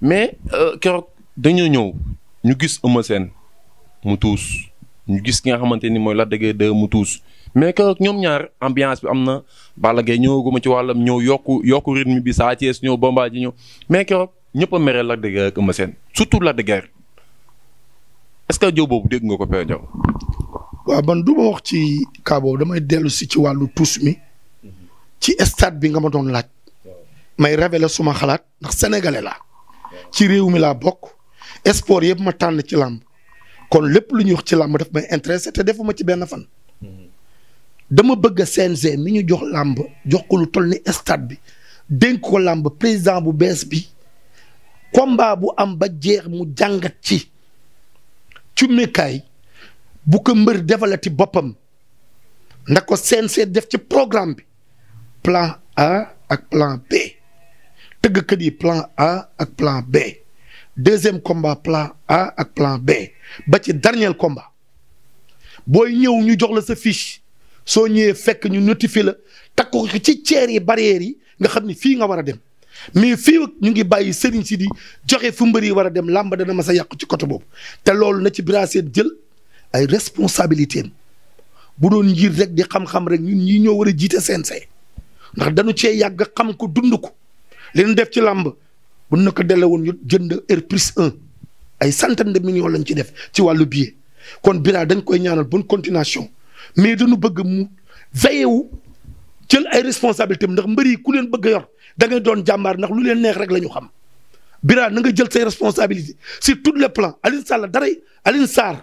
mais euh, keroog dañoo ñëw ñu gis Eumeu Sène mu tuus ñu gis ki nga xamante ni mooy Lac de Guiers 2 mu tuus mais keroog ñoom ñaar ambiance bi am na Balla Gaye ñëwaguma ci wàllam ñëw yokku yokku rythme bi saa Thiès ñëw Bomba ji ñëw mais keroog ñëpp a mere Lac de Guiers ak Eumeu Sène surtout Lac de Guiers est-ce que jow boobu dégg nga ko Père Diaw. waaw man du wax ci cas damay dellu si ci wàllu tuus mi mhm. ci stade bi nga ma doon laaj. may révéler suma xalaat ndax sénégalais laa. ci réew mi laa bokk sport yëpp ma tànn ci làmb kon lépp lu ñuy wax ci làmb daf may intéressé te defuma ci benn fan. dama bëgg a CNG mi ñu jox làmb jox ko lu toll ni stade bi dénk ko làmb président bu bees bi komba bu am ba jeex mu jàngat ci cummikaay bu ko mbër defalati boppam nda ko seen CNG def ci programme bi plan A ak plan B. tëggkat yi plan A ak plan B deuxième combat plan A ak plan B ba ci dernier combat booy ñëw ñu jox la sa fiche soo ñëwee fekk ñu notifié la takk ko ci ceer yi barrières yi nga xam ni fii nga war a dem mais fii ñu ngi bàyyi sëriñ si di joxe fu mbër yi war a dem làmba dana ma sa yàqu ci côté boobu te loolu na ci Bira Sène jël ay responsabilité bu doon njiit rek di xam-xam rek ñu ñi ñoo war a jiite CNG ndax dañu cee yàgg xam ko dund ko li ñu def ci làmb bu na ko delloo woon ñu jënd heure plus un ay centaine de millions lañ ci def ci wàllu billet kon Bira dañ koy ñaanal bonne continuation mais dañu bëgg mu veillé jël ay responsabilités ndax mbër yi ku leen bëgg yor dangay doon jàmbaar ndax lu leen neex rek la ñu xam Bira na nga jël say responsabilités sur tous les plans Alioune Sall dara Alioune Sarr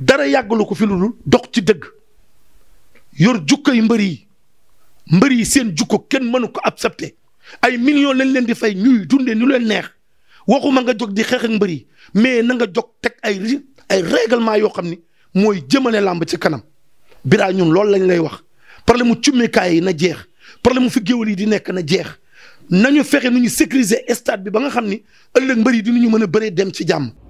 dara yàggalu ko fi lu dul dox ci dëgg yor yi mbër yi mbër yi seen jukko kenn mënu ko accepter. ay millions lañ leen di fay ñuy dundee nu leen neex waxuma nga jóg di xeex mbëri mais na nga jóg teg ay ay règlement yoo xam ni mooy jëmale làmb ci kanam biraa ñun loolu lañ lay wax problème mu cummeekaay yi na jeex problème mu fi géwél yi di nekk na jeex nañu fexe nu ñu sécuriser stade bi ba nga xam ni ëllëg mbër yi ñu mën a bëree dem ci jàmm.